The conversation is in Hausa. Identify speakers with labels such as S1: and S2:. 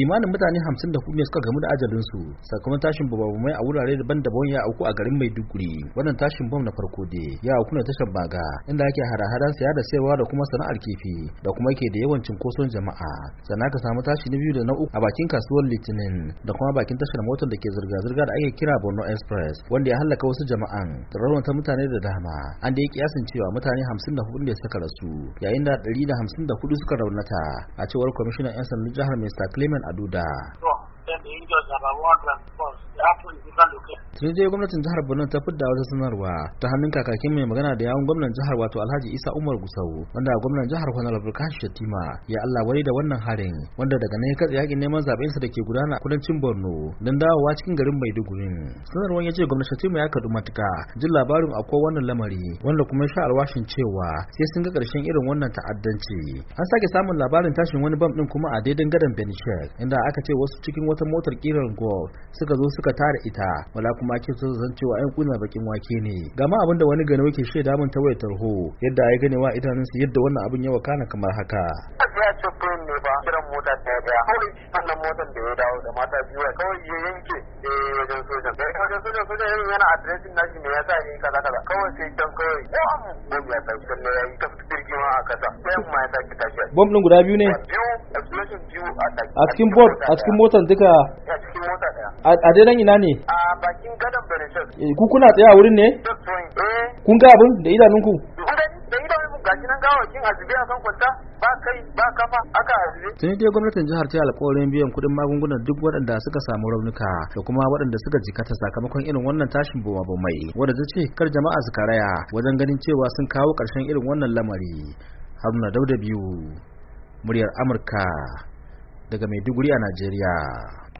S1: kimanin mutane 54 ne suka gamu da ajalin su sakamakon tashin bababumai a wurare daban-daban ya auku a garin Maiduguri wannan tashin bom na farko de. ya auku ne tashar baga inda ake haraharan siya da sayarwa da kuma sana'ar kifi da kuma ke da yawan cinkoson jama'a sannan ka samu tashi na biyu da na uku a bakin kasuwar Litinin da kuma bakin tashar motar da ke zirga-zirga da ake kira Borno Express wanda ya halaka wasu jama'an da ta mutane da dama an da ya kiyasin cewa mutane 54 ne suka rasu yayin da 154 suka raunata a cewar kwamishinan 'yan sandan jihar Mr. Clement aduda. So, then the angels have a and of force. they happen in different locations. tuni dai gwamnatin jihar Borno ta fidda wata sanarwa ta hannun kakakin mai magana da yawun gwamnan jihar wato Alhaji Isa Umar Gusau wanda gwamnan jihar Honorable Kashi Shatima ya Allah wani da wannan harin wanda daga nan ya katse neman zaɓensa sa ke gudana a kudancin Borno don dawowa cikin garin Maiduguri sanarwar ya ce gwamnati Shatima ya kadu matuka jin labarin akwai wannan lamari wanda kuma sha alwashin cewa sai sun ga karshen irin wannan ta'addanci an sake samun labarin tashin wani bam din kuma a daidan gadan Benishek inda aka ce wasu cikin wata motar kirar Gol suka zo suka tare ita wala kuma Maki sun san cewa ai kuna bakin wake ne gama abin da wani gano yake shaida mun ta wayar tarho yadda ai ganewa su yadda wannan abin ya wakana kamar haka ne ba bom bom a kasa sai ya din guda biyu ne a cikin bot a cikin motar duka a cikin a daidan ina ne a Eh, ku kuna tsaya wurin ne eh. kun ga abin da idanunku da gawakin kan kwanta ba kai ba kafa aka dai gwamnatin jihar ta alƙawarin biyan kuɗin magungunan duk waɗanda suka samu raunuka da kuma waɗanda suka jikata sakamakon irin wannan tashin boma bomai wanda ta ce kar jama'a su karaya wajen ganin cewa sun kawo ƙarshen irin wannan lamari. Haruna Dauda biyu muryar Amurka daga Maiduguri a Najeriya.